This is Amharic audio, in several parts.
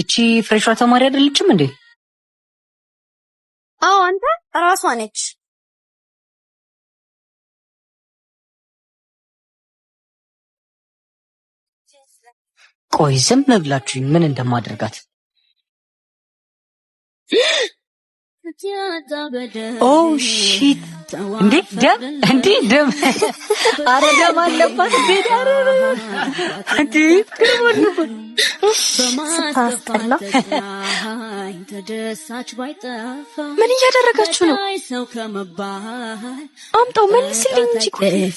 እቺ ፍሬሿ ተማሪ አይደለችም እንዴ? አዎ፣ አንተ ራሷ ነች። ቆይ ዝም ብላችሁኝ ምን እንደማደርጋት ኦ oh, ሺት እንዴ ደም እንዴ ደም አረ ደም አለባት ቤት አረ እንዴ ክሩን ስታስጠላ ምን እያደረጋችሁ ነው? አምጣው መልስልኝ እንጂ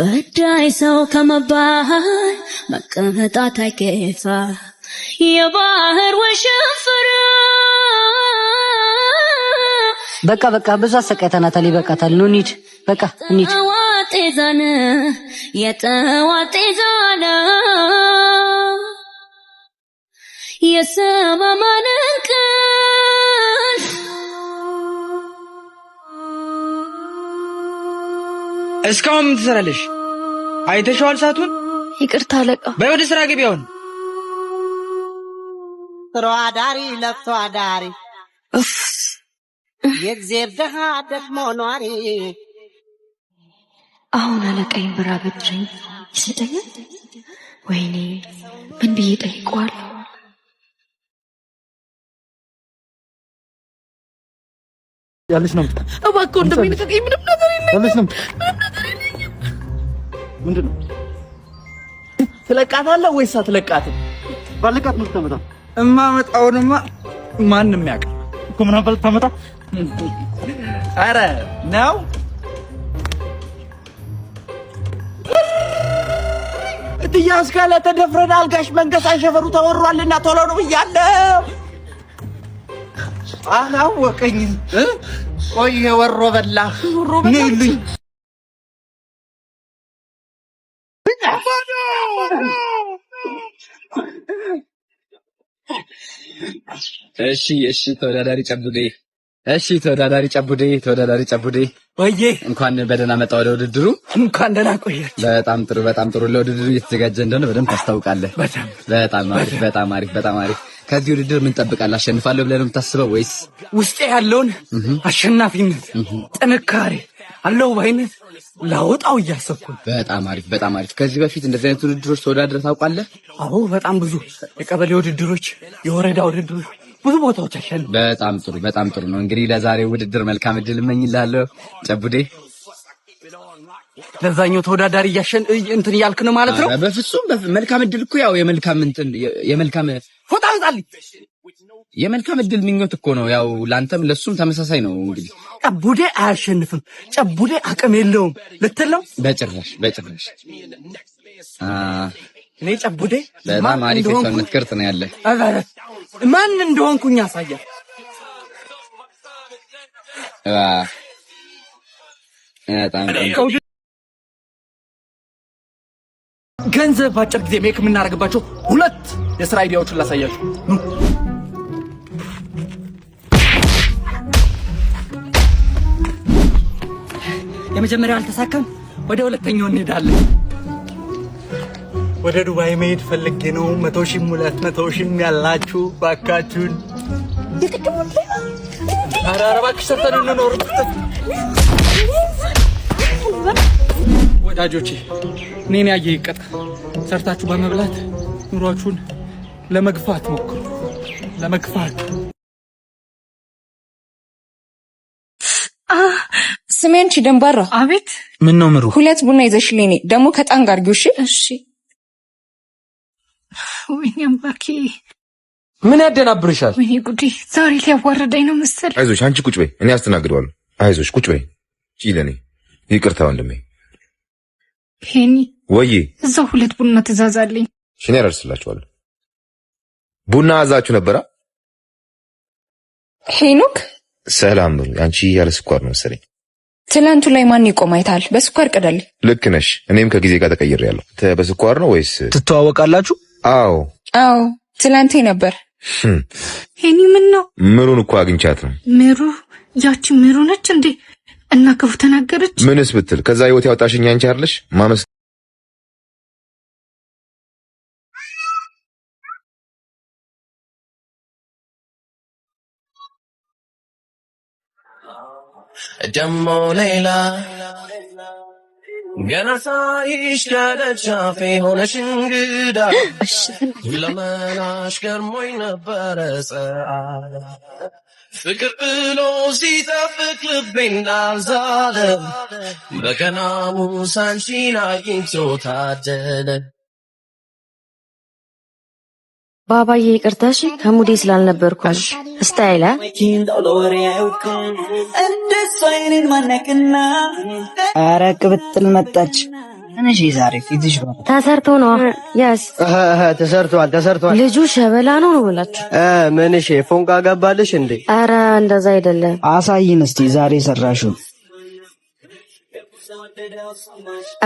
በዳይ ሰው ከመባል መቀመጣት አይከፋ የባህር ወሽፍራ በቃ በቃ ብዙ አሰቃይተናታል። ይበቃታል። ኑ እንሂድ። በቃ እንሂድ። ጤዛነ የጠዋ ጤዛነ የሰባ ማነቀል እስካሁን ምን ትሰራለሽ? አይተሽዋል ሰዓቱን። ይቅርታ አለቃ። በይ ወደ ስራ ግቢ። አሁን ስራ አዳሪ ለፍቶ አዳሪ የእግዜር ደሃ ደክሞ ኗሪ። አሁን አለቀኝ ብር አበድረኝ ይሰጠኛል? ወይኔ ምን ብዬ ጠይቀዋለሁ? ያለሽ ነው እባክህ ወንድሜ ልቀቀኝ። ምንም ነገር የለኝም። ያለሽ ነው ምንድን ነው? ትለቃታለህ ወይስ አትለቃትም? ባለቃት ነው ተመጣ እማመጣውንማ ማንም ያውቃል እኮ ምን አባል ታመጣ አረ ነው እትያስ ካለ ተደፍረን አልጋሽ መንገስ አሸፈሩ ተወሯልና ቶሎ ነው ብያለሁ። አላወቀኝ። ቆይ ወሮ በላ ነይልኝ እሺ፣ እሺ ተወዳዳሪ ጨብቀኝ እሺ ተወዳዳሪ ጨቡዴ ተወዳዳሪ ጨቡዴ ወዬ እንኳን በደህና መጣ ወደ ውድድሩ። እንኳን ደህና ቆያችሁ። በጣም ጥሩ በጣም ጥሩ። ለውድድሩ እየተዘጋጀ እንደሆነ በደንብ ታስታውቃለህ። በጣም አሪፍ በጣም አሪፍ በጣም አሪፍ። ከዚህ ውድድር ምን ጠብቃለህ? አሸንፋለሁ ብለህ ነው የምታስበው ወይስ ውስጤ ያለውን አሸናፊነት፣ ጥንካሬ አለው ባይነት ላወጣው እያሰብኩ። በጣም አሪፍ በጣም አሪፍ። ከዚህ በፊት እንደዚህ አይነት ውድድሮች ተወዳድረህ ታውቃለህ? አዎ በጣም ብዙ የቀበሌ ውድድሮች፣ የወረዳ ውድድሮች ብዙ ቦታዎች አሸንፍ። በጣም ጥሩ በጣም ጥሩ ነው። እንግዲህ ለዛሬው ውድድር መልካም እድል እመኝልሃለሁ ጨቡዴ። ለዛኛው ተወዳዳሪ እያሸን እንትን እያልክ ነው ማለት ነው? በፍጹም መልካም እድል እኮ ያው የመልካም እንትን የመልካም ፎጣ አምጣልኝ። የመልካም እድል ምኞት እኮ ነው ያው ላንተም ለሱም ተመሳሳይ ነው። እንግዲህ ጨቡዴ አያሸንፍም፣ ጨቡዴ አቅም የለውም ልትል በጭራሽ በጭራሽ። እኔ ጨቡዴ በጣም አሪፍ የሰውነት ቅርጽ ነው ያለ ማን እንደሆንኩኝ ያሳያል። ገንዘብ በአጭር ጊዜ ሜክ የምናደርግባቸው ሁለት የስራ አይዲያዎችን ላሳያችሁ። የመጀመሪያው አልተሳካም፣ ወደ ሁለተኛው እንሄዳለን። ወደ ዱባይ መሄድ ፈልጌ ነው። መቶ ሺህ ሁለት መቶ ሺህ ያላችሁ ባካችሁን። ወዳጆቼ። እኔን ያየ ይቀጣ። ሰርታችሁ በመብላት ኑሯችሁን ለመግፋት ሞክሩ፣ ለመግፋት ስሜንቺ ደንባራ። አቤት። ምን ነው ምሩ? ሁለት ቡና ይዘሽልኝ ደግሞ ከጣን ጋር ጊዮሽ። እሺ ወይኔም ምን ያደናብርሻል? ወይኔ ጉዴ ዛሬ ሊያዋረደኝ ነው መሰል። አይዞሽ አንቺ ቁጭ በይ፣ እኔ አስተናግደዋለሁ። አይዞሽ ቁጭ በይ። ጪለኔ ይቅርታ ወንድሜ። ሄኒ ወይ እዛው ሁለት ቡና ትዛዛለኝ ሽኔ ያደርስላችኋለሁ። ቡና አዛችሁ ነበራ? ሄኖክ ሰላም ነው። አንቺ ያለ ስኳር ነው መሰለኝ። ትላንቱ ላይ ማን ይቆም አይታል። በስኳር ቅደል። ልክ ነሽ። እኔም ከጊዜ ጋር ተቀይሬያለሁ። በስኳር ነው ወይስ ትተዋወቃላችሁ? አዎ አዎ፣ ትላንቴ ነበር። ሄኒ ምን ነው? ምሩን እኮ አግኝቻት ነው። ምሩ ያቺ ምሩ ነች እንዴ? እና ክፉ ተናገረች? ምንስ ብትል ከዛ ህይወት ያወጣሽኝ አንቺ አይደለሽ? ማመስ ደሞ ሌላ ገና ሳይሽ ከደጃፌ ሆነሽ እንግዳ ለመናሽ ገርሞኝ ነበረ ፀአለ ፍቅር ብሎ ሲጠፍቅ ልቤ እንዳልዛለ በቀናሙ ሳንቺን አግኝቶ ታደለ ባባዬ ይቅርታሽ፣ ከሙዴ ስላልነበርኩ ስታይላ ኧረ ቅብጥል መጣች። ትንሽ ዛሬ ፊትሽ ተሰርቶ ነው። ያስ ተሰርቷል፣ ተሰርቷል። ልጁ ሸበላ ነው ነው ብላችሁ ምንሽ ፎንቃ ገባልሽ እንዴ? አረ እንደዛ አይደለም። አሳይን እስቲ ዛሬ ሰራሹ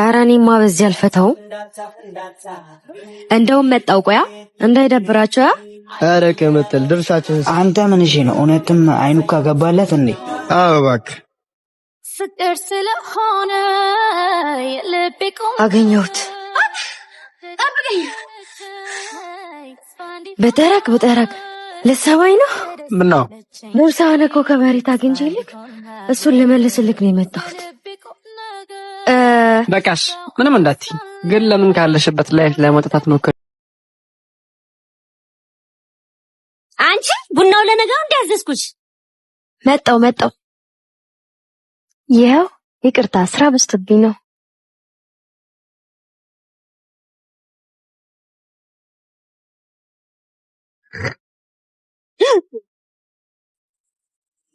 ኧረ እኔማ በዚህ አልፈተው። እንደውም መጣው ቆያ እንዳይደብራቸው ያ አረ ከመጥል ድርሻችን። አንተ ምን እሺ ነው እውነትም አይኑካ ካገባለት እንዴ? አዎ እባክህ ፍቅር ስለሆነ አገኘሁት። በጠረቅ በጠረቅ ልትሰማኝ ነው? ምነው ቦርሳህን እኮ ከመሬት አግኝቼልህ እሱን ልመልስልህ ነው የመጣሁት። በቃሽ፣ ምንም እንዳትይ። ግን ለምን ካለሽበት ላይፍ ለመውጣት ሞክሪ። አንቺ ቡናው ለነገው እንዳዘዝኩሽ። መጣው መጣው። ይኸው ይቅርታ፣ ስራ በዝቶብኝ ነው።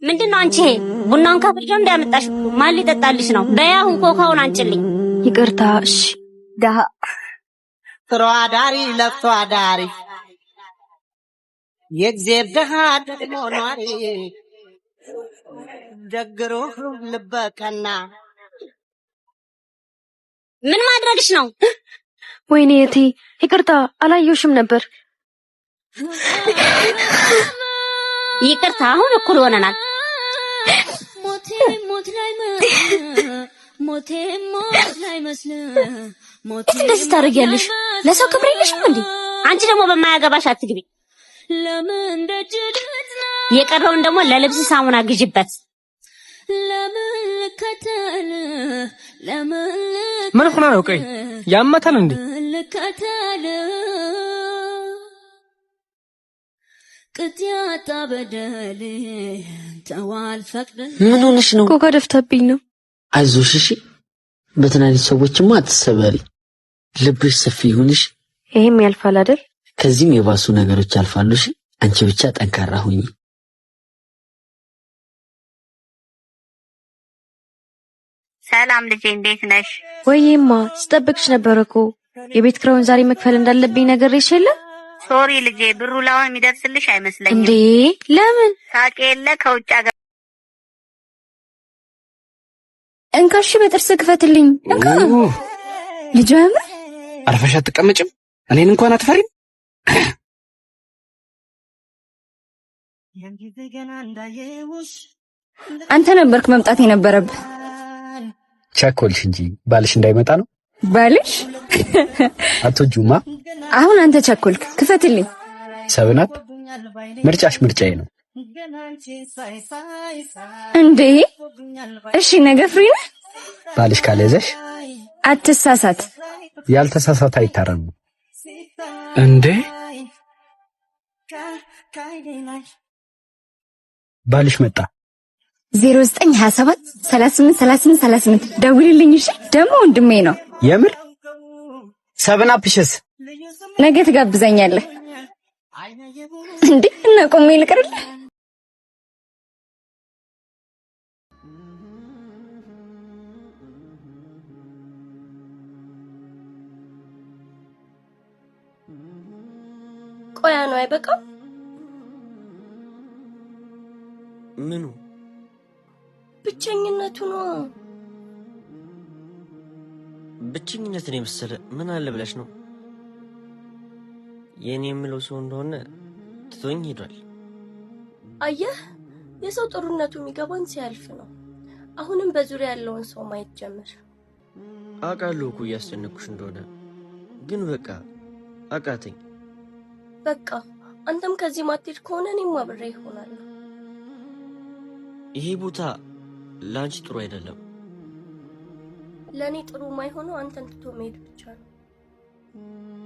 ምንድነው? አንቺ ይሄ ቡናውን ከፍርጆ እንዳመጣሽ ማን ሊጠጣልሽ ነው? በያሁን ኮካውን አንጭልኝ። ይቅርታ። እሺ። ደሃ ጥሮ አዳሪ ለፍቶ አዳሪ የእግዜር ደሃ ደግሞ ኗሪ ደግሮ ልበቀና ምን ማድረግሽ ነው? ወይኔ እቴ ይቅርታ፣ አላየሁሽም ነበር። ይቅርታ። አሁን እኩል ሆነናል። ሞቴ ሞት ላይ ሞቴ ሞት ላይ መስለ ሞቴ እንደዚህ ታደርጊያለሽ? ለሰው ክብር የለሽም እንዴ? አንቺ ደግሞ በማያገባሽ አትግቢ። ለምን የቀረውን ደግሞ ለልብስ ሳሙና ግዢበት። ምን ሆነ ነው? ቆይ ያመታል እንዴ? ምን ሆነሽ ነው? ኮካ ደፍታብኝ ነው። አይዞሽ እሺ። በትናንሽ ሰዎችማ አትሰበሪ። ልብሽ ሰፊ ይሁንሽ። ይሄም ያልፋል አይደል? ከዚህም የባሱ ነገሮች ያልፋሉ። እሺ፣ አንቺ ብቻ ጠንካራ ሁኚ። ሰላም ልጄ፣ እንዴት ነሽ? ወይማ ስጠብቅሽ ነበር እኮ የቤት ክራውን ዛሬ መክፈል እንዳለብኝ ነገር ይሽልህ ሶሪ ልጄ፣ ብሩ ላሁን የሚደርስልሽ አይመስለኝም። እንዴ ለምን ሳቄ የለ ከውጭ ሀገር እንካሽ በጥርስ ክፈትልኝ። እንካ ልጅ አርፈሽ አትቀመጭም? እኔን እንኳን አትፈሪም? አንተ ነበርክ መምጣት የነበረብህ። ቸኮልሽ እንጂ ባልሽ እንዳይመጣ ነው ባልሽ አቶ ጁማ፣ አሁን አንተ ቸኮልክ። ክፈትልኝ። ሰብናት ምርጫሽ ምርጫዬ ነው እንዴ? እሺ፣ ነገ ፍሪ ነህ? ባልሽ ካልያዘሽ አትሳሳት። ያልተሳሳት አይታረም እንዴ ባልሽ መጣ። 0927 38 38 38 ደውልልኝ። እሺ፣ ደግሞ ወንድሜ ነው። የምር ሰብን አፕሽስ ነገ ትጋብዘኛለህ እንዴ? እና ቆሜ ልቅርልህ? ቆያ ነው አይበቃም? ምኑ ብቸኝነቱ ነው። ብቸኝነትን የመሰለ ምን አለ ብለሽ ነው? የእኔ የምለው ሰው እንደሆነ ትቶኝ ሄዷል። አየህ፣ የሰው ጥሩነቱ የሚገባን ሲያልፍ ነው። አሁንም በዙሪያ ያለውን ሰው ማየት ጀምር። አውቃለሁ እኮ እያስጨነኩሽ እንደሆነ፣ ግን በቃ አቃተኝ። በቃ አንተም ከዚህ ማትሄድ ከሆነ እኔም አብሬ ይሆናል። ይሄ ቦታ ለአንቺ ጥሩ አይደለም። ለእኔ ጥሩ ማይሆነው አንተን ትቶ መሄድ ብቻ ነው።